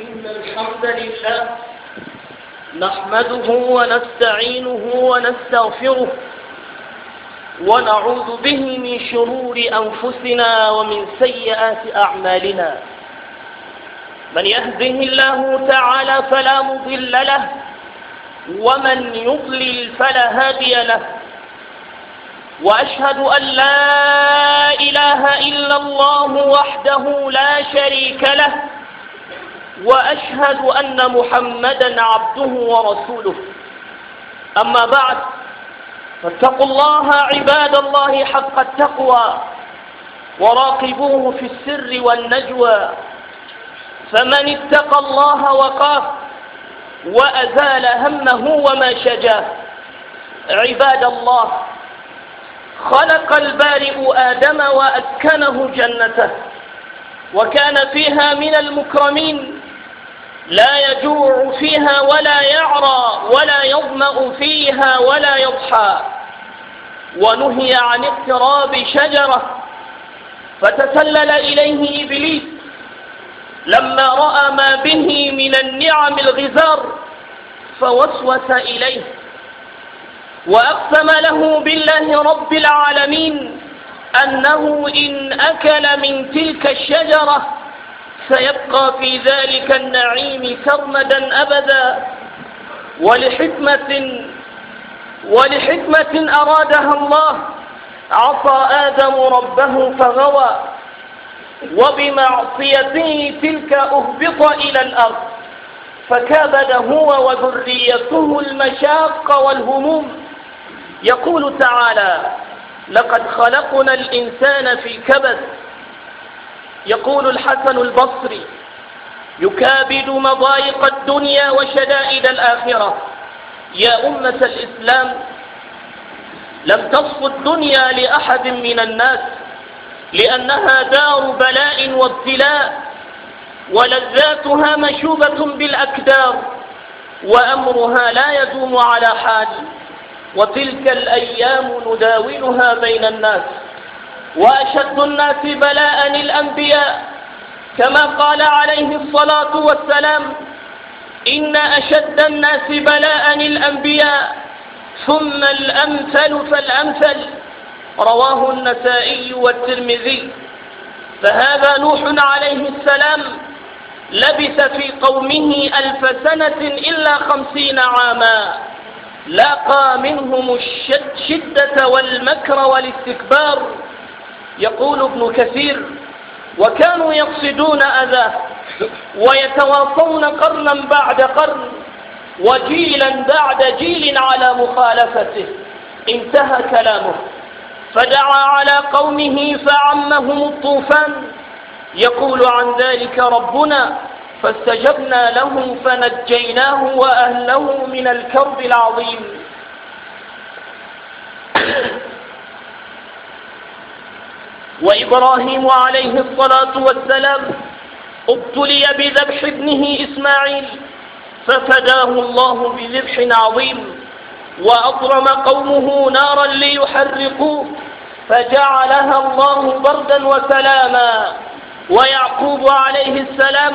إن الحمد لله نحمده ونستعينه ونستغفره ونعوذ به من شرور أنفسنا ومن سيئات أعمالنا من يهده الله تعالى فلا مضل له ومن يضلل فلا هادي له وأشهد أن لا إله إلا الله وحده لا شريك له وأشهد أن محمدا عبده ورسوله أما بعد فاتقوا الله عباد الله حق التقوى وراقبوه في السر والنجوى فمن اتقى الله وقاه وأزال همه وما شجاه عباد الله خلق البارئ آدم وأسكنه جنته وكان فيها من المكرمين لا يجوع فيها ولا يعرى ولا يظمأ فيها ولا يضحى ونهي عن اقتراب شجرة فتسلل إليه إبليس لما رأى ما به من النعم الغزار فوسوس إليه وأقسم له بالله رب العالمين أنه إن أكل من تلك الشجرة سيبقى في ذلك النعيم سرمدا أبدا ولحكمة ولحكمة أرادها الله عصى آدم ربه فغوى وبمعصيته تلك أهبط إلى الأرض فكابد هو وذريته المشاق والهموم يقول تعالى لقد خلقنا الإنسان في كبد يقول الحسن البصري يكابد مضايق الدنيا وشدائد الآخرة يا أمة الإسلام لم تصف الدنيا لأحد من الناس لأنها دار بلاء وابتلاء ولذاتها مشوبة بالأكدار وأمرها لا يدوم على حال وتلك الأيام نداولها بين الناس وأشد الناس بلاء الأنبياء كما قال عليه الصلاة والسلام إن أشد الناس بلاء الأنبياء ثم الأمثل فالأمثل رواه النسائي والترمذي فهذا نوح عليه السلام لبث في قومه ألف سنة إلا خمسين عاما لاقى منهم الشدة والمكر والاستكبار يقول ابن كثير وكانوا يقصدون أذاه ويتواصون قرنا بعد قرن وجيلا بعد جيل على مخالفته انتهى كلامه فدعا على قومه فعمهم الطوفان يقول عن ذلك ربنا فاستجبنا له فنجيناه وأهله من الكرب العظيم وإبراهيم عليه الصلاة والسلام ابتلي بذبح ابنه إسماعيل ففداه الله بذبح عظيم وأضرم قومه نارا ليحرقوه فجعلها الله بردا وسلاما ويعقوب عليه السلام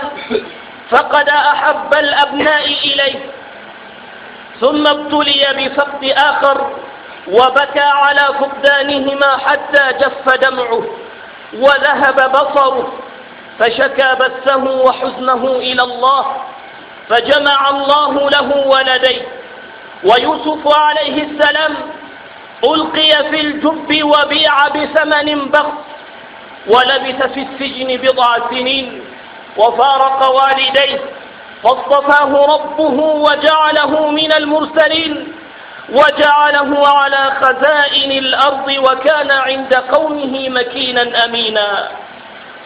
فقد أحب الأبناء إليه ثم ابتلي بفقد آخر وبكى على فقدانهما حتى جف دمعه وذهب بصره فشكى بثه وحزنه إلى الله فجمع الله له ولديه ويوسف عليه السلام ألقي في الجب وبيع بثمن بخس ولبث في السجن بضع سنين وفارق والديه فاصطفاه ربه وجعله من المرسلين وجعله على خزائن الأرض وكان عند قومه مكينا أمينا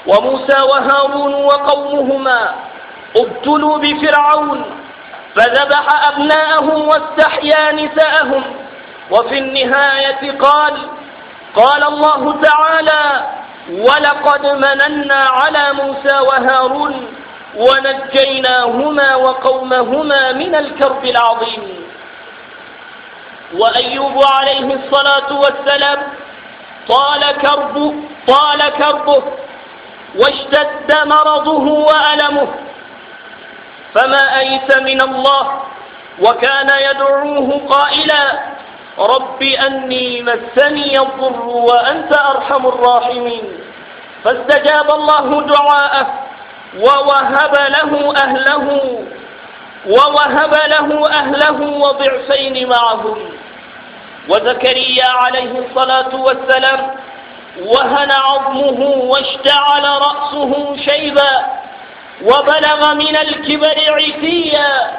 وموسى وهارون وقومهما ابتلوا بفرعون فذبح أبناءهم واستحيا نساءهم وفي النهاية قال قال الله تعالى ولقد مننا على موسى وهارون ونجيناهما وقومهما من الكرب العظيم وأيوب عليه الصلاة والسلام طال كربه طال كربه واشتد مرضه وألمه فما أيس من الله وكان يدعوه قائلا رب أني مسني الضر وأنت أرحم الراحمين فاستجاب الله دعاءه ووهب له أهله ووهب له أهله وضعفين معهم وزكريا عليه الصلاة والسلام وهن عظمه واشتعل رأسه شيبا وبلغ من الكبر عتيا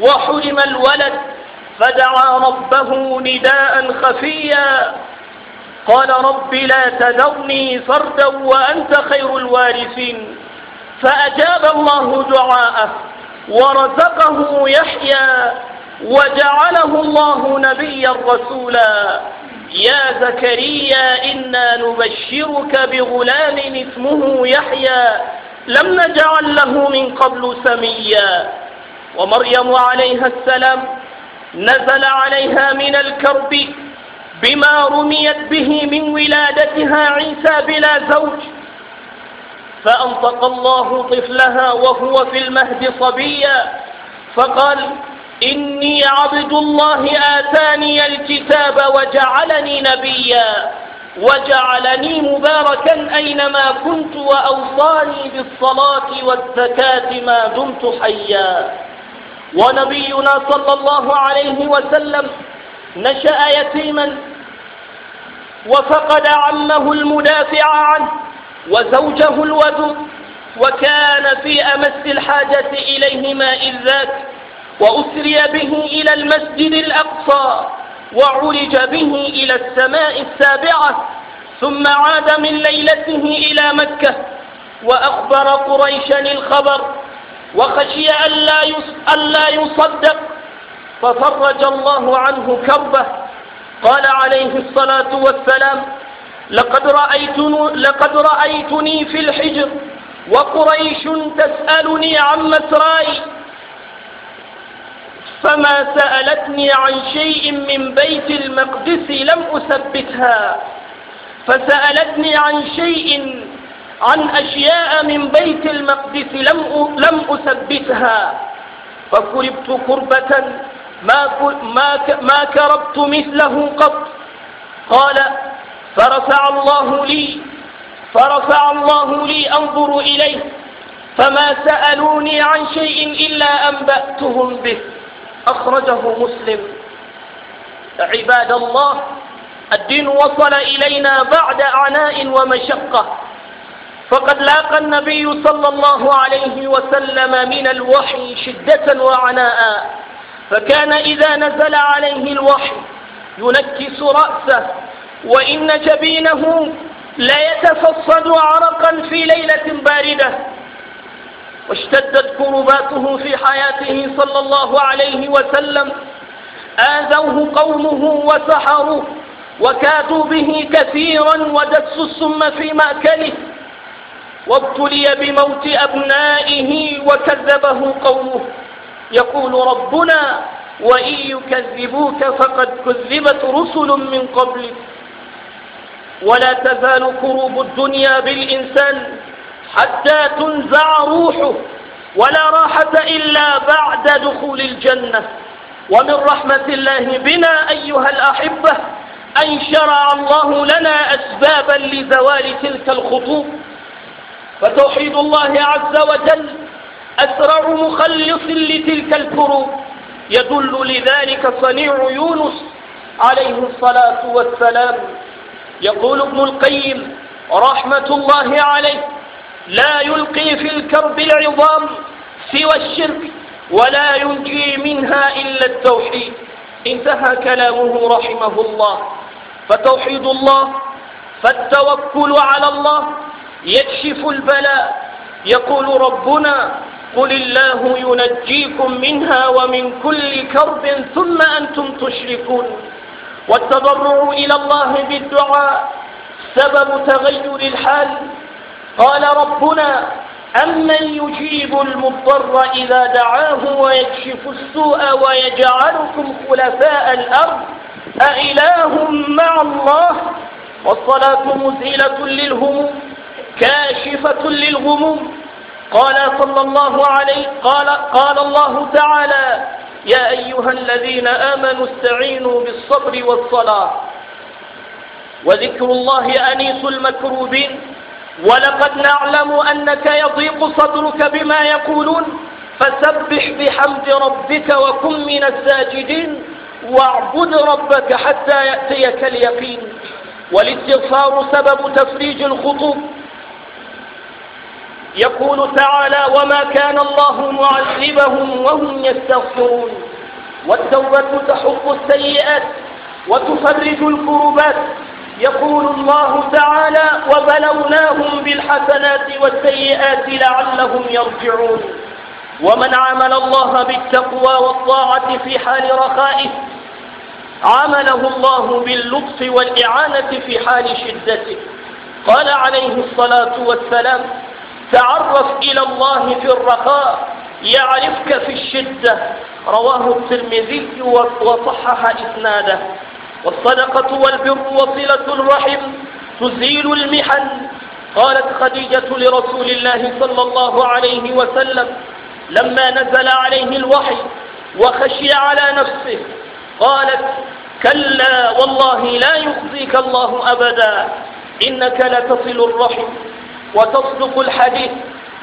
وحرم الولد فدعا ربه نداء خفيا قال رب لا تذرني فردا وأنت خير الوارثين فأجاب الله دعاءه ورزقه يحيى وجعله الله نبيا رسولا يا زكريا إنا نبشرك بغلام اسمه يحيى لم نجعل له من قبل سميا ومريم عليها السلام نزل عليها من الكرب بما رميت به من ولادتها عيسى بلا زوج فأنطق الله طفلها وهو في المهد صبيا فقال إني عبد الله آتاني الكتاب وجعلني نبيا وجعلني مباركا أينما كنت وأوصاني بالصلاة والزكاة ما دمت حيا ونبينا صلى الله عليه وسلم نشأ يتيما وفقد عمه المدافع عنه وزوجه الودود وكان في أمس الحاجة إليهما إذ ذاك وأسري به إلى المسجد الأقصى وعرج به إلى السماء السابعة ثم عاد من ليلته إلى مكة وأخبر قريشا الخبر وخشي ألا يصدق ففرج الله عنه كربه قال عليه الصلاة والسلام لقد رأيتني, لقد رأيتني في الحجر وقريش تسألني عن مسراي فما سألتني عن شيء من بيت المقدس لم أثبتها فسألتني عن شيء عن أشياء من بيت المقدس لم لم أثبتها فكربت كربة ما ما ما كربت مثله قط قال فرفع الله لي فرفع الله لي أنظر إليه فما سألوني عن شيء إلا أنبأتهم به أخرجه مسلم عباد الله الدين وصل إلينا بعد عناء ومشقة فقد لاقى النبي صلى الله عليه وسلم من الوحي شدة وعناء فكان إذا نزل عليه الوحي ينكس رأسه وإن جبينه ليتفصد عرقا في ليلة باردة واشتدت كرباته في حياته صلى الله عليه وسلم آذوه قومه وسحروه وكادوا به كثيرا ودسوا السم في مأكله وابتلي بموت أبنائه وكذبه قومه يقول ربنا وإن يكذبوك فقد كذبت رسل من قبلك ولا تزال كروب الدنيا بالإنسان حتى تنزع روحه ولا راحة إلا بعد دخول الجنة ومن رحمة الله بنا أيها الأحبة أن شرع الله لنا أسبابا لزوال تلك الخطوب فتوحيد الله عز وجل أسرع مخلص لتلك الكروب يدل لذلك صنيع يونس عليه الصلاة والسلام يقول ابن القيم رحمة الله عليه لا يلقي في الكرب العظام سوى الشرك ولا ينجي منها إلا التوحيد انتهى كلامه رحمه الله فتوحيد الله فالتوكل على الله يكشف البلاء يقول ربنا قل الله ينجيكم منها ومن كل كرب ثم أنتم تشركون والتضرع إلى الله بالدعاء سبب تغير الحال قال ربنا أمن يجيب المضطر إذا دعاه ويكشف السوء ويجعلكم خلفاء الأرض أإله مع الله والصلاة مزيلة للهموم كاشفة للغموم قال صلى الله عليه قال, قال الله تعالى يا أيها الذين آمنوا استعينوا بالصبر والصلاة وذكر الله أنيس المكروبين ولقد نعلم أنك يضيق صدرك بما يقولون فسبح بحمد ربك وكن من الساجدين واعبد ربك حتى يأتيك اليقين والاستغفار سبب تفريج الخطوب يقول تعالى وما كان الله معذبهم وهم يستغفرون والتوبة تحق السيئات وتفرج الكربات يقول الله تعالى وبلوناهم بالحسنات والسيئات لعلهم يرجعون ومن عمل الله بالتقوى والطاعة في حال رخائه عمله الله باللطف والإعانة في حال شدته قال عليه الصلاة والسلام تعرف إلى الله في الرخاء يعرفك في الشدة رواه الترمذي وصحح إسناده والصدقة والبر وصلة الرحم تزيل المحن قالت خديجة لرسول الله صلى الله عليه وسلم لما نزل عليه الوحي وخشي على نفسه قالت كلا والله لا يخزيك الله أبدا إنك لتصل الرحم وتصدق الحديث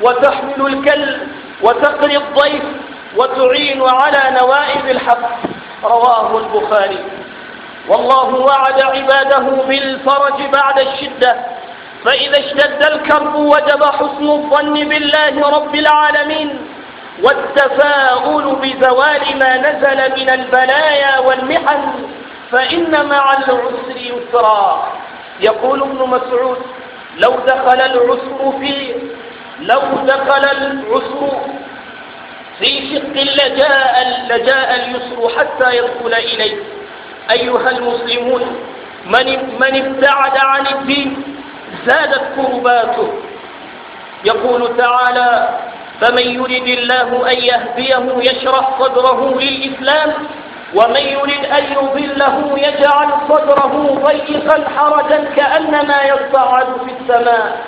وتحمل الكلب وتقري الضيف وتعين على نوائب الحق رواه البخاري والله وعد عباده بالفرج بعد الشدة فإذا اشتد الكرب وجب حسن الظن بالله رب العالمين والتفاؤل بزوال ما نزل من البلايا والمحن فإن مع العسر يسرا يقول ابن مسعود لو دخل العسر في لو دخل العسر في شق لجاء لجاء اليسر حتى يدخل إليه أيها المسلمون من من ابتعد عن الدين زادت كرباته يقول تعالى فمن يرد الله أن يهديه يشرح صدره للإسلام ومن يرد أن يضله يجعل صدره ضيقا حرجا كأنما يصعد في السماء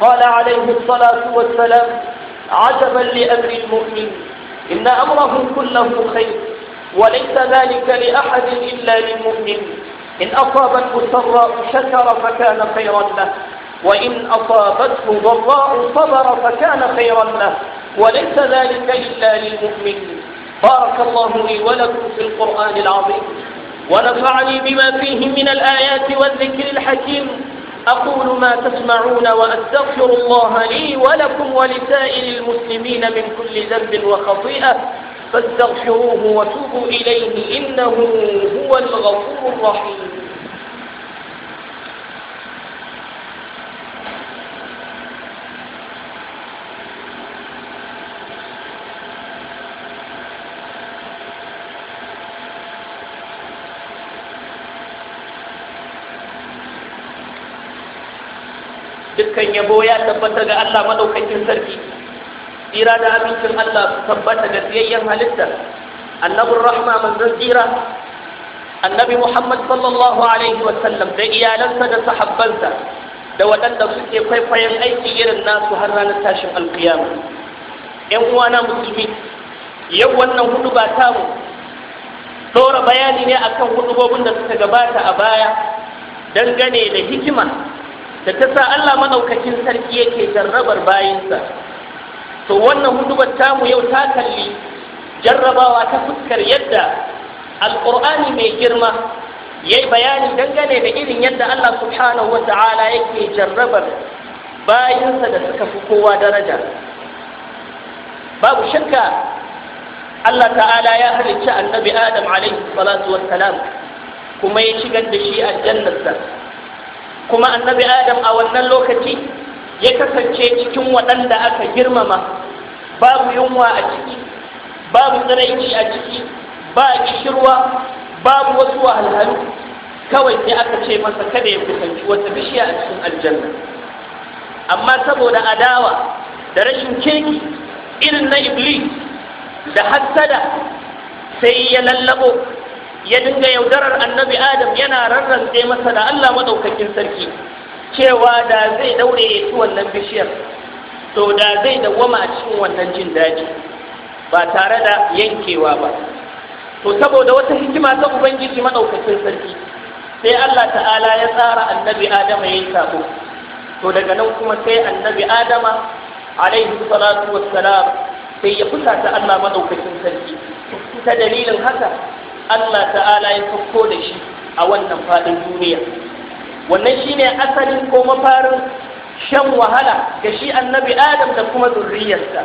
قال عليه الصلاة والسلام عجبا لأمر المؤمن إن أمره كله خير وليس ذلك لأحد إلا للمؤمن إن أصابته السراء شكر فكان خيرا له وإن أصابته ضراء صبر فكان خيرا له وليس ذلك إلا للمؤمن بارك الله لي ولكم في القرآن العظيم ونفعني بما فيه من الآيات والذكر الحكيم أقول ما تسمعون وأستغفر الله لي ولكم ولسائر المسلمين من كل ذنب وخطيئة فاستغفروه وتوبوا إليه إنه هو الغفور الرحيم dukkan yabo ya tabbata ga Allah maɗaukakin sarki tsira da amincin Allah tabbata ga siyayyen halitta annabin rahma manzan tsira annabi Muhammad sallallahu alaihi wa da iyalansa da sahabbansa da waɗanda suke kwaikwayon aiki irin nasu har ranar tashin alkiyama yan uwana musulmi yau wannan hudu ba tamu ɗora bayani ne akan hudubobin da suka gabata a baya dangane da hikima da ta sa Allah maɗaukakin sarki yake jarrabar bayinsa to wannan hudubar tamu yau ta kalli jarrabawa ta fuskar yadda alƙur'ani mai girma ya yi bayani dangane da irin yadda Allah subhanahu wa ta'ala yake jarrabar bayinsa da suka fi kowa daraja babu shakka Allah ta'ala ya halicci annabi Adam alaihi salatu wassalam kuma ya shigar da shi aljannarsa kuma annabi adam a wannan lokaci ya kasance cikin waɗanda aka girmama babu yunwa a ciki babu tsiraici a ciki ba kishirwa babu wasu wahalhalu kawai sai aka ce masa kada ya kusanci wata bishiya a cikin aljanna amma saboda adawa da rashin kirki irin na iblis da hassada sai ya lallabo ya dinga yaudarar annabi adam yana rarrantse masa da Allah maɗaukakin sarki cewa da zai daure ya ci wannan bishiyar to da zai dawwama a cikin wannan jin daji ba tare da yankewa ba to saboda wata hikima ta ubangiji maɗaukakin sarki sai Allah ta'ala ya tsara annabi adama yi sabo to daga nan kuma sai annabi adama alaihi salatu wassalam sai ya fusata Allah maɗaukakin sarki ta dalilin haka Allah ta'ala ya sauko da shi a wannan faɗin duniya wannan shine asalin ko mafarin shan wahala ga shi annabi adam da kuma zurriyarsa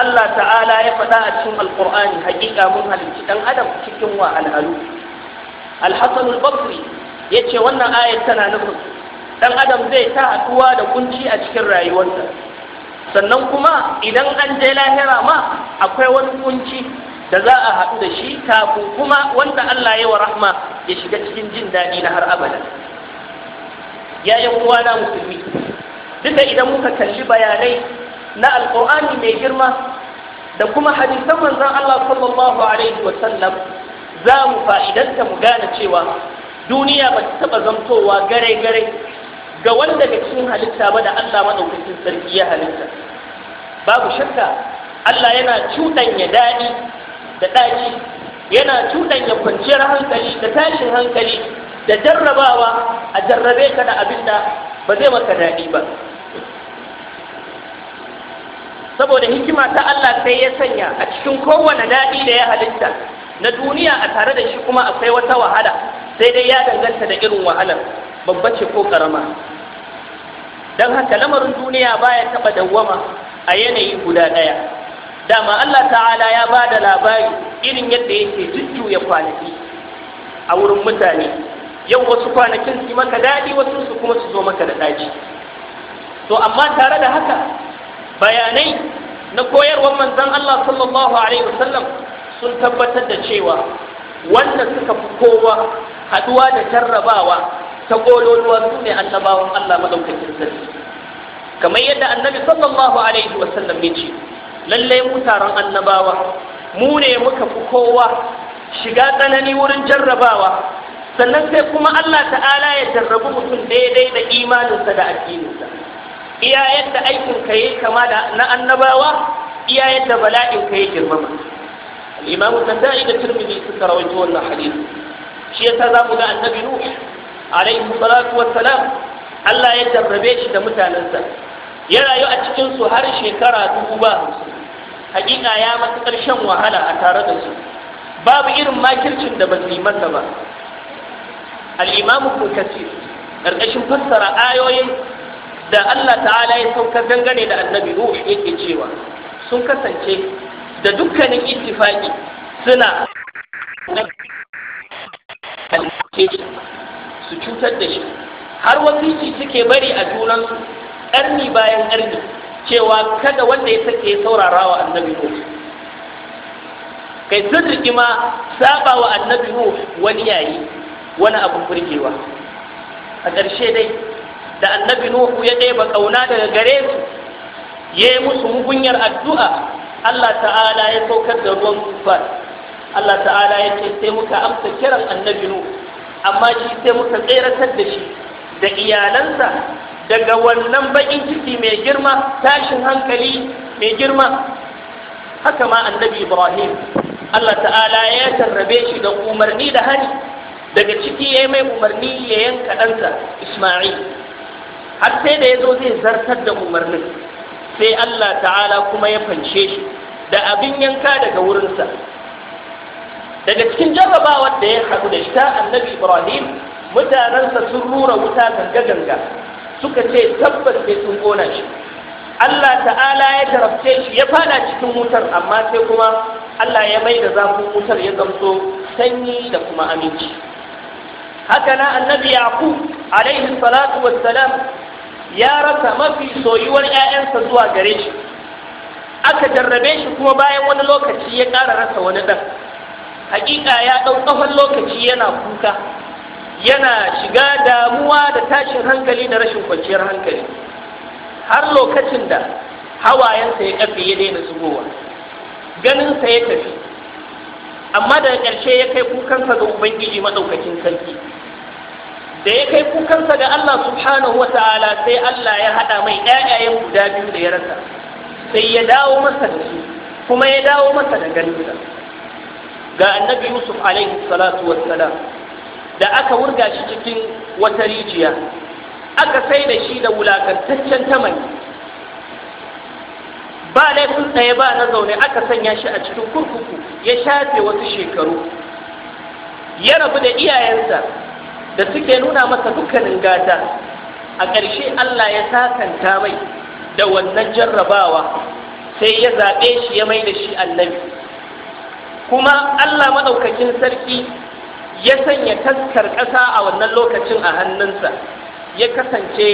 Allah ta'ala ya faɗa a cikin alƙur'ani haƙiƙa mun halicci ɗan adam cikin wahalhalu alhassan al-basri ya ce wannan ayar tana nufin ɗan adam zai ta haɗuwa da kunci a cikin rayuwarsa sannan kuma idan an je lahira ma akwai wani kunci da za a haɗu da shi kafin kuma wanda Allah ya wa rahma ya shiga cikin jin daɗi na har abada ya yi na musulmi duka idan muka kalli bayanai na alƙur'ani mai girma da kuma hadisan manzon Allah sallallahu alaihi wa sallam za mu fa'idanta mu gane cewa duniya ba ta taɓa zamtowa gare-gare ga wanda bai cikin halitta ba da Allah maɗaukakin sarki ya halitta babu shakka Allah yana cuɗanya daɗi da ɗaki yana cuɗanya kwanciyar hankali da tashin hankali da jarrabawa a jarrabe ka da abin da ba zai maka daɗi ba saboda hikima ta Allah sai ya sanya a cikin kowane daɗi da ya halitta na duniya a tare da shi kuma akwai wata wahala sai dai ya danganta da irin wahalar babba ce ko karama don haka lamarin duniya baya taɓa dawwama a yanayi guda ɗaya dama Allah ta'ala ya ba da labari irin yadda yake jujjuya kwanaki a wurin mutane yau wasu kwanakin su maka daɗi wasu su kuma su zo maka da ɗaci to amma tare da haka bayanai na koyarwar manzon Allah sallallahu alaihi wasallam sun tabbatar da cewa wanda suka fi kowa haduwa da jarrabawa ta gololuwa su ne annabawan Allah madaukakin sarki kamar yadda annabi sallallahu alaihi wasallam ya ce lallai mu taron annabawa mu ne muka fi kowa shiga tsanani wurin jarrabawa sannan sai kuma Allah ta'ala ya jarrabu mutum daidai da imaninsa da addininsa iya yadda aikin ka yi kama da na annabawa iya yadda bala'in ka yi girmama imamu tandai da tirmidhi suka rawaito wannan hadisi shi yasa za mu ga annabi nuh alaihi salatu wassalam Allah ya jarrabe shi da mutanensa ya rayu a cikin su har shekara dubu ba hakika ya matuƙar shan wahala a tare da su babu irin makircin da ba su yi masa ba al'imamu imamu ƙarƙashin fassara ayoyin da Allah ta'ala ya saukar dangane da annabi Nuh yake cewa sun kasance da dukkanin ittifaki suna su cutar da shi har wasiki suke bari a junansu ƙarni bayan ƙarni cewa kada wanda ya sake ya saurara wa annabi kai sun riki ma saba wa annabi nuhu wani yayi wani abin burgewa a ƙarshe dai da annabi nuhu ya ɗeba ƙauna daga gare su ya yi musu mugunyar addu'a Allah ta'ala ya saukar da ruwan tufan Allah ta'ala ya ce sai muka amsa kiran annabi nuhu amma shi sai muka tseratar da shi da iyalansa daga wannan baƙin ciki mai girma tashin hankali mai girma haka ma annabi ibrahim allah ta'ala ya tarrabe shi da umarni da hari daga ciki ya yi mai umarni ya yanka ɗansa isma'il har sai da ya zo zai zartar da umarnin sai allah ta'ala kuma ya fanshe shi da abin yanka daga wurinsa daga cikin jarrabawar da ya haɗu da shi ta annabi ibrahim mutanensa sun rura wuta ganga-ganga suka ce tabbas sai sun kona shi Allah ta'ala ya tarafce shi ya fada cikin wutar amma sai kuma Allah ya mai da zafin wutar ya zamto sanyi da kuma aminci haka na annabi yaqub alaihi salatu wassalam ya rasa mafi soyuwar 'ya'yansa zuwa gare shi aka jarrabe shi kuma bayan wani lokaci ya ƙara rasa wani ɗan hakika ya ɗau tsawon lokaci yana kuka yana shiga damuwa da tashin hankali da rashin kwanciyar hankali har lokacin da hawayensa ya kafe ya daina zubowa ganinsa ya tafi amma daga ƙarshe ya kai kukansa ga ubangiji maɗaukakin sarki da ya kai kukansa ga Allah subhanahu wa ta'ala sai Allah ya haɗa mai ƴaƴayen guda biyu da ya rasa sai ya dawo masa da su kuma ya dawo masa da ganinsa ga annabi yusuf alaihi salatu wassalam da aka wurga shi cikin wata rijiya aka sai da shi da wulakantaccen tamani ba laifin tsaye ba na zaune aka sanya shi a cikin kurkuku ya shafe wasu shekaru ya rabu da iyayensa da suke nuna masa dukkanin gata a ƙarshe Allah ya sakanta mai da wannan jarrabawa sai ya zaɓe shi ya mai da shi annabi kuma Allah maɗaukakin sarki ya sanya taskar ƙasa a wannan lokacin a hannunsa ya kasance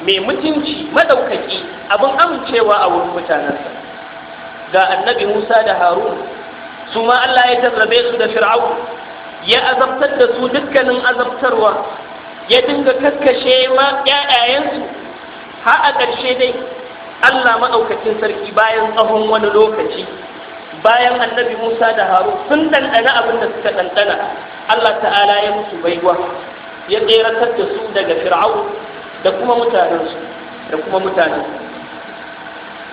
mai mutunci madaukaki abin amincewa a wurin mutanensa ga annabi musa da harun su ma allah ya jarrabe su da fir'au ya azabtar da su dukkanin azabtarwa ya dinga kaskashe ma ƴaƴayensu har a ƙarshe dai allah maɗaukacin sarki bayan tsawon wani lokaci bayan annabi Musa da Haru sun ɗanɗana abin da suka ɗanɗana Allah ta'ala ya musu baiwa ya tseratar da su daga fir'au da kuma mutanensu da kuma mutanen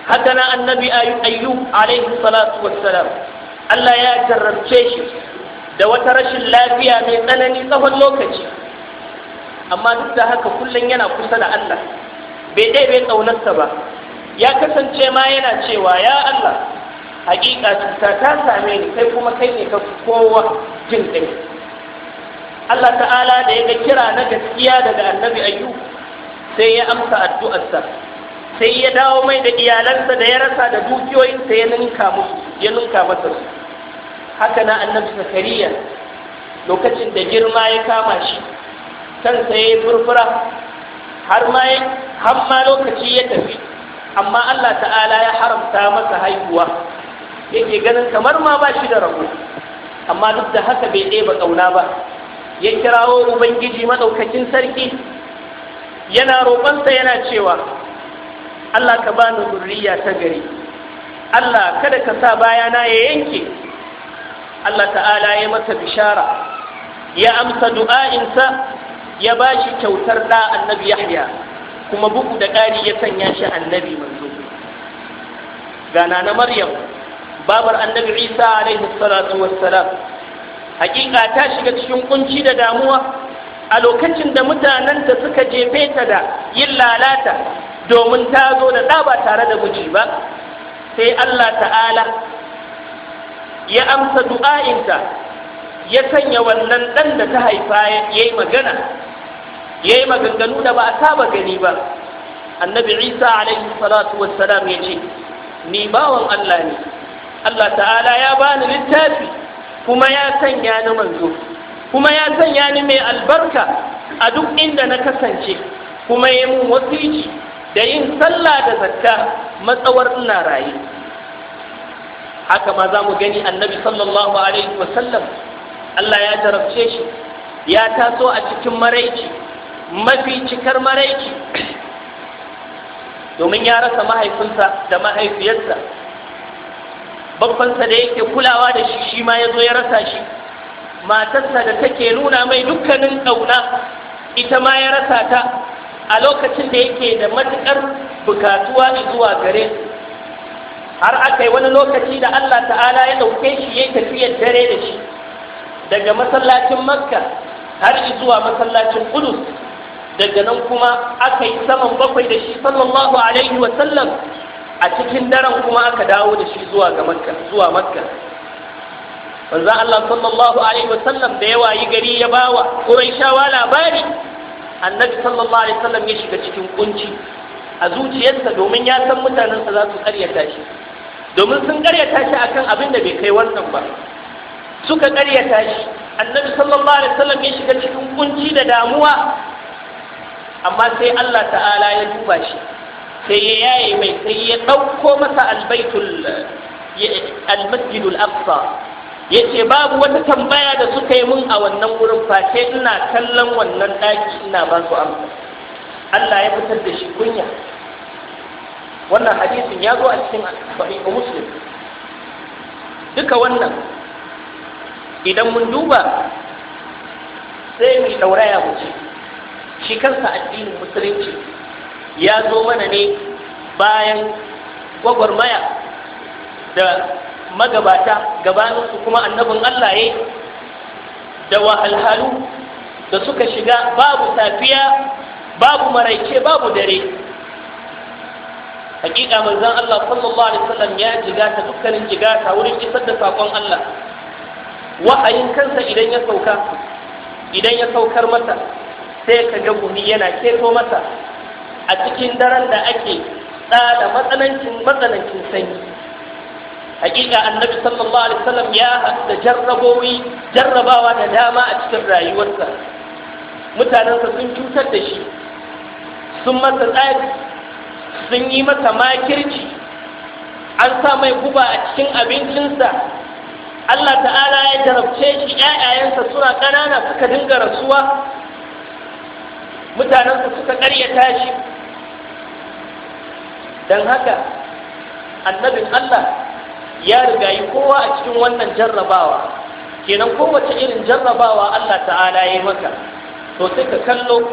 haka na annabi ayyub alaihi salatu wassalam Allah ya jarrabce shi da wata rashin lafiya mai tsanani tsawon lokaci amma duk da haka kullum yana kusa da Allah bai ɗaya bai ƙaunarsa ba ya kasance ma yana cewa ya Allah hakika cuta ta same ni kai kuma kai ne ka kowa jin ɗin Allah ta'ala da ya ga kira na gaskiya daga annabi ayyu sai ya amsa addu'arsa sai ya dawo mai da iyalansa da ya rasa da dukiyoyinsa ya ninka musu ya ninka masa su haka na annabi sakariya lokacin da girma ya kama shi kansa ya yi furfura har ma har ma lokaci ya tafi amma Allah ta'ala ya haramta masa haihuwa yake ganin kamar ma ba shi da rabo amma duk da haka bai ɗeba ƙauna ba ya kirawo ubangiji maɗaukakin sarki yana roƙonsa yana cewa Allah ka bani zurriya ta gari Allah kada ka sa bayana ya yanke Allah ta'ala ya masa bishara ya amsa du'a'insa ya ba shi kyautar ɗa annabi Yahya kuma bugu da ƙari ya sanya shi annabi manzo gana na Maryam babar annabi isa alaihi salatu wassalam hakika ta shiga cikin kunci da damuwa a lokacin da mutanenta suka jefe ta da yin lalata domin ta zo da ɗa ba tare da guji ba sai allah ta'ala ya amsa du'a'inta ya sanya wannan ɗan da ta haifa ya yi magana ya yi maganganu da ba a saba gani ba annabi isa alaihi salatu wassalam ya ce ni bawan allah ne Allah ta'ala ya bani littafi kuma ya sanya ni manzo kuma ya sanya ni mai albarka a duk inda na kasance kuma ya mun wasici da yin sallah da zakka matsawar ina raye haka ma za mu gani annabi sallallahu alaihi wasallam Allah ya jarabce shi ya taso a cikin maraici mafi cikar maraiki domin ya rasa mahaifinsa da mahaifiyarsa babbansa da yake kulawa da shi shi ma ya zo ya rasa shi matarsa da take nuna mai dukkanin ƙauna ita ma ya rasa ta a lokacin da yake da matuƙar bukatuwa zuwa gare har aka yi wani lokaci da Allah ta'ala ya ɗauke shi ya tafiyar dare da shi daga masallacin makka har zuwa masallacin kudus daga nan kuma aka yi saman bakwai da shi sallallahu alaihi sallam. a cikin daren kuma aka dawo da shi zuwa ga makka zuwa makka manzo Allah sallallahu alaihi wasallam da yawa yi gari ya bawa quraishawa labari annabi sallallahu alaihi wasallam ya shiga cikin kunci a zuciyarsa domin ya san mutanensa za su karyata shi domin sun karyata shi akan abin da bai kai wannan ba suka karyata shi annabi sallallahu alaihi wasallam ya shiga cikin kunci da damuwa amma sai Allah ta'ala ya duba shi sai ya yaye mai sai ya ɗauko masa albaitul almasjidul aqsa ya ce babu wata tambaya da suka yi mun a wannan wurin face ina kallon wannan ɗaki ina ba su amsa Allah ya fitar da shi kunya wannan hadisin ya zo a cikin sahihu muslim duka wannan idan mun duba sai mu daura ya ce shi kansa addinin musulunci ya zo mana ne bayan gwagwarmaya da magabata gabaninsu kuma annabin Allah ya da wahalhalu da suka shiga babu safiya babu maraice babu dare hakika manzon Allah sallallahu alaihi wasallam ya jigata dukkanin jigata wurin isar da sakon Allah wa'ayin kansa idan ya sauka idan ya saukar masa sai ka ga gumi yana keto masa a cikin daren da ake tsada matsanancin matsanancin sanyi hakika annabi sallallahu alaihi wasallam ya hada jarrabowi jarrabawa da dama a cikin rayuwarsa mutanensa sun cutar da shi sun masa tsari sun yi masa makirci an sa mai guba a cikin abincinsa Allah ta'ala ya jarabce shi ‘ya'yayensa suna ƙanana suka dinga rasuwa mutanensa suka ƙaryata shi don haka annabin Allah ya riga yi kowa a cikin wannan jarrabawa kenan kowace irin jarrabawa Allah ta'ala ya yi maka to sai ka kallo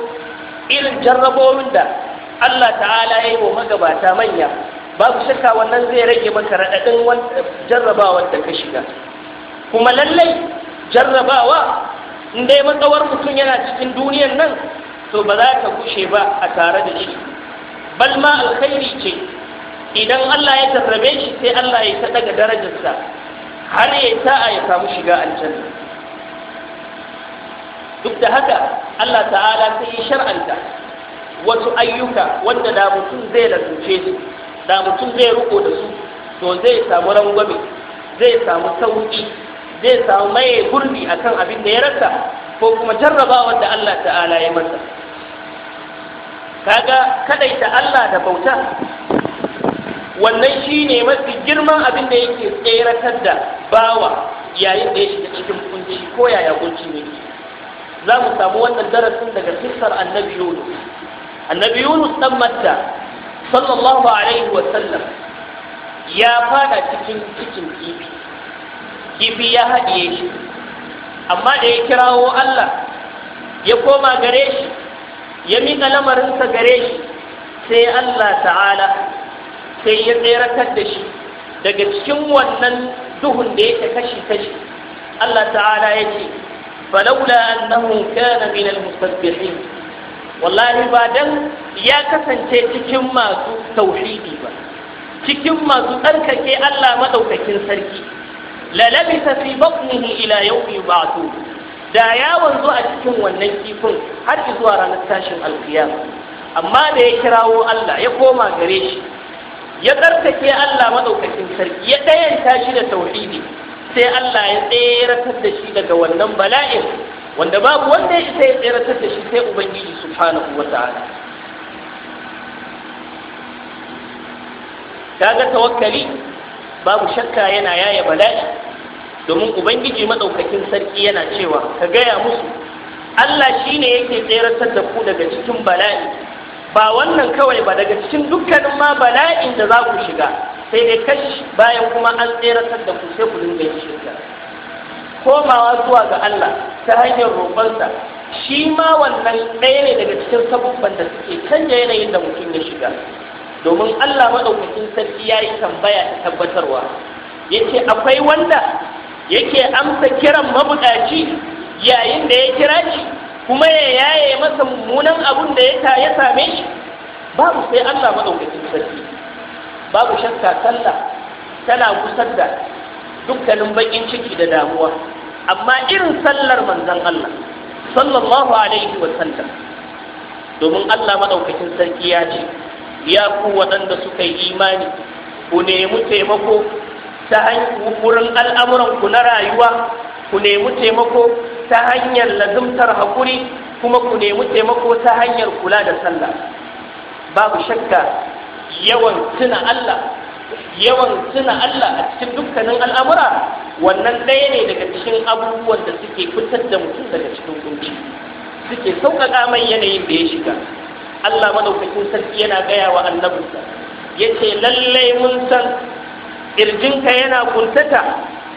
irin jarrabawun da Allah ta'ala ya yi wa magabata manya babu shakka wannan zai rage maka raɗaɗin jarrabawar da ka shiga kuma lallai jarrabawa in dai matsawar mutum yana cikin duniyar nan to ba za ta gushe ba a tare da shi bal ma alkhairi ce idan Allah ya tarbe shi sai Allah ya ta daga darajarsa har ya sa'a ya samu shiga aljanna duk da haka Allah ta'ala sai ya shar'anta wasu ayyuka wanda da mutum zai lalace su da mutum zai ruko da su to zai samu rangwame zai samu sauki zai samu maye gurbi akan abin da ya rasa ko kuma jarrabawar da Allah ta'ala ya masa kaga kadaita Allah da bauta wannan shi ne mafi girman abin da yake tseratar da bawa yayin da ya shiga cikin kunci ko yaya kunci ne za mu samu wannan darasin daga kissar annabi Yunus annabi Yunus dan Matta sallallahu alaihi wa sallam ya fada cikin cikin kifi kifi ya haɗiye shi amma da ya kirawo Allah ya koma gare shi ya miƙa lamarinsa gare shi sai Allah ta'ala sai ya tseratar da shi daga cikin wannan duhun da yake kashi-kashi Allah ta'ala ya ce falaula annahu kana min al wallahi ba dan ya kasance cikin masu tauhidi ba cikin masu tsarkake Allah madaukakin sarki la labisa fi batnihi ila yawmi yub'athun da ya wanzu a cikin wannan kifin har zuwa ranar tashin alkiyama amma da ya kirawo Allah ya koma gare shi ya tsarkake Allah maɗaukacin sarki ya ɗayanta shi da tauhidi sai Allah ya tseratar da shi daga wannan bala'in wanda babu wanda ya isa ya tseratar da shi sai ubangiji subhanahu wata'ala kaga tawakkali babu shakka yana yaya bala'i domin ubangiji maɗaukakin sarki yana cewa ka gaya musu Allah shi ne yake tseratar da ku daga cikin bala'i ba wannan kawai ba daga cikin dukkanin ma bala'in da za ku shiga sai dai kashi bayan kuma an tseratar da ku sai ku dinga yin shirka komawa zuwa ga Allah ta hanyar roƙonsa shi ma wannan ɗaya ne daga cikin sabubban da suke canja yanayin da mutum ya shiga domin Allah maɗaukakin sarki ya yi tambaya ta tabbatarwa yace akwai wanda yake amsa kiran mabukaci yayin da ya kira shi kuma ya yaye masa mummunan abun da ya same shi babu sai Allah madaukakin sarki babu shakka sallah tana gusar da dukkanin bakin ciki da damuwa amma irin sallar manzon Allah sallallahu alaihi wa sallam domin Allah madaukakin sarki ya ce ya ku waɗanda suka yi imani ku nemi taimako ta wurin al'amuranku na rayuwa ku nemi taimako ta hanyar lazumtar haƙuri kuma ku nemi taimako ta hanyar kula da sallah babu shakka yawan tuna Allah yawan tuna Allah a cikin dukkanin al'amura wannan ɗaya ne daga cikin abubuwan da suke fitar da mutum daga cikin kunci suke sauƙaƙa mai yanayin da ya shiga Allah madaukakin sarki yana gaya wa annabinsa yace lallai mun san ƙirjinka yana kuntata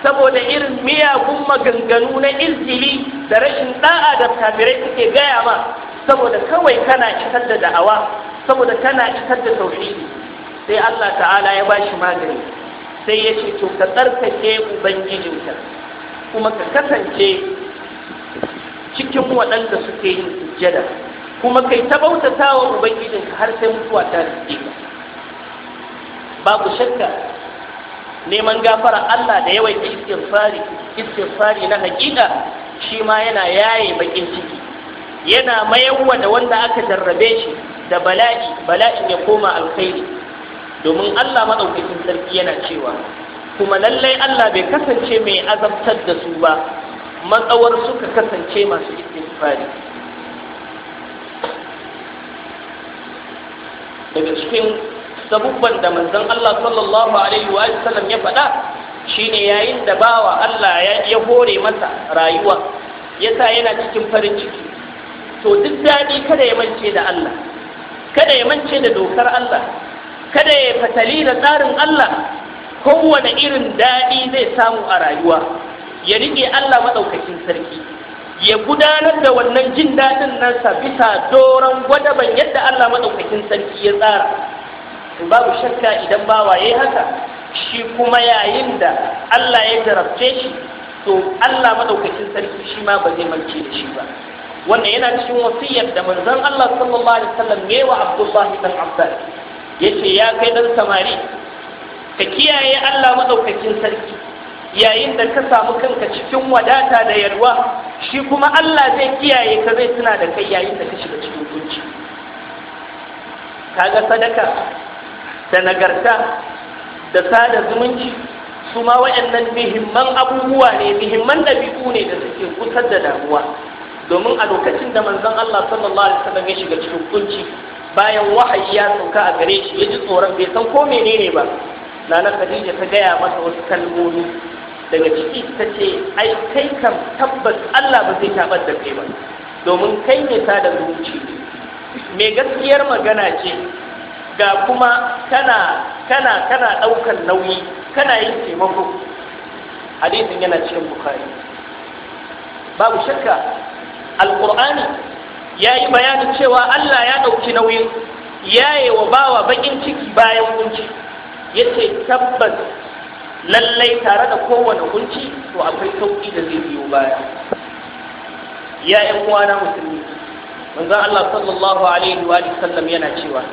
saboda irin miyagun maganganu na izili da rashin ɗa'a da kafirai suke gaya ma saboda kawai kana isar da da'awa saboda kana isar da tauhidi sai Allah ta'ala ya bashi magani sai ya ce to ka tsarkake ubangijinka kuma ka kasance cikin waɗanda suke yin sujjada kuma kai ta bautatawa wa ubangijinka har sai mutuwa ta rike babu shakka neman gafara Allah da yawan istighfari istighfari na hakika shi ma yana yaye bakin ciki yana mayawwa da wanda aka jarrabe shi da bala'i bala'in ya koma alkhairi domin Allah madaukakin sarki yana cewa kuma lallai Allah bai kasance mai azabtar da su ba matsawar suka kasance masu istighfari daga cikin sabubban da manzon Allah sallallahu alaihi wa sallam ya faɗa shine yayin da bawa Allah ya hore masa rayuwa yasa yana cikin farin ciki to duk daɗi kada ya mance da Allah kada ya mance da dokar Allah kada ya fatali da tsarin Allah kowane irin daɗi zai samu a rayuwa ya riƙe Allah maɗaukakin sarki ya gudanar da wannan jin daɗin nasa bisa doron gwadaban yadda Allah maɗaukakin sarki ya tsara babu shakka idan bawa ya haka shi kuma yayin da Allah ya jarabce shi to Allah madaukakin sarki shi ma ba zai mance da shi ba wannan yana cikin wasiyar da manzon Allah sallallahu alaihi wasallam yayi wa Abdullahi dan Abbas yace ya kai dan samari ka kiyaye Allah madaukakin sarki yayin da ka samu kanka cikin wadata da yalwa shi kuma Allah zai kiyaye ka zai tuna da kai yayin da ka shiga cikin kunci kaga sadaka da nagarta da sada zumunci su ma waɗannan muhimman abubuwa ne muhimman ɗabi'u ne da suke kusa da damuwa domin a lokacin da manzon Allah sallallahu alaihi wasallam ya shiga cikin kunci bayan wahayi ya sauka a gare shi ya ji tsoron bai san ko menene ba nana Khadija ta gaya masa wasu kalmomi daga ciki ta ce ai kai kam tabbas Allah ba zai tabar da kai ba domin kai ne sada zumunci mai gaskiyar magana ce ga kuma kana kana kana ɗaukar nauyi kana yin taimako hadisin yana cikin bukari babu shakka alƙur'ani ya yi bayanin cewa allah ya ɗauki nauyin yaye wa bawa baƙin ciki bayan kunci ya ce tabbas lallai tare da kowane kunci to akwai sauƙi da zai biyo baya ya ‘yan uwana musulmi manzon allah sallallahu alaihi wa sallam yana cewa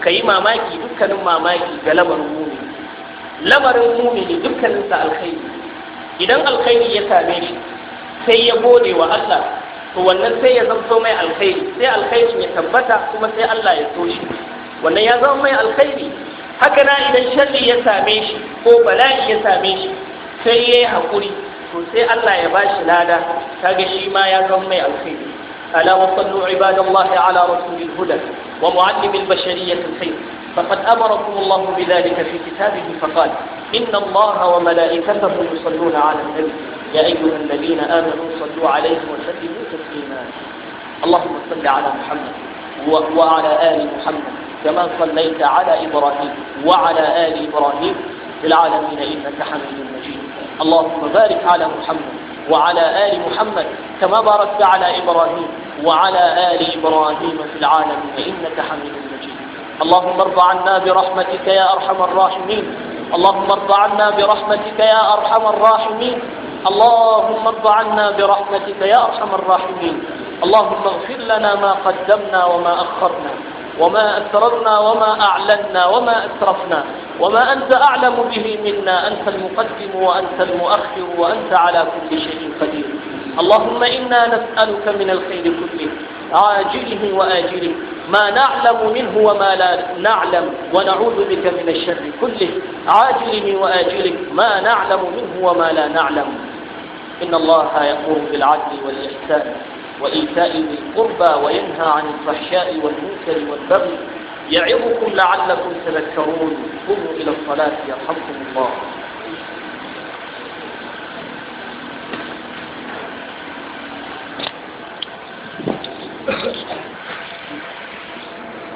ka yi mamaki dukkanin mamaki ga lamarin mumini lamarin mumini dukkaninsa alkhairi idan alkhairi ya same shi sai ya gode wa Allah to wannan sai ya zanto mai alkhairi sai alkhairin ya tabbata kuma sai Allah ya so shi wannan ya zama mai alkhairi haka na idan sharri ya same shi ko bala'i ya same shi sai ya yi haƙuri to sai Allah ya ba shi lada kaga shi ma ya zama mai alkhairi ألا وصلوا عباد الله على رسول الهدى ومعلم البشرية الخير فقد أمركم الله بذلك في كتابه فقال إن الله وملائكته يصلون على النبي يا أيها الذين آمنوا صلوا عليه وسلموا تسليما اللهم صل على محمد وعلى آل محمد كما صليت على إبراهيم وعلى آل إبراهيم في العالمين إنك حميد مجيد اللهم بارك على محمد وعلى آل محمد كما باركت على إبراهيم وعلى آل إبراهيم في العالم إنك حميد مجيد اللهم ارض عنا برحمتك يا أرحم الراحمين اللهم ارض عنا برحمتك يا أرحم الراحمين اللهم ارض عنا برحمتك يا أرحم الراحمين اللهم اغفر لنا ما قدمنا وما أخرنا وما أسررنا وما أعلنا وما أسرفنا وما أنت أعلم به منا أنت المقدم وأنت المؤخر وأنت على كل شيء قدير اللهم إنا نسألك من الخير كله عاجله وآجله ما نعلم منه وما لا نعلم ونعوذ بك من الشر كله عاجله وآجله ما نعلم منه وما لا نعلم إن الله يأمر بالعدل والإحسان وإيتاء ذي القربى وينهى عن الفحشاء والمنكر والبغي يعظكم لعلكم تذكرون قوموا إلى الصلاة يرحمكم الله Thank you.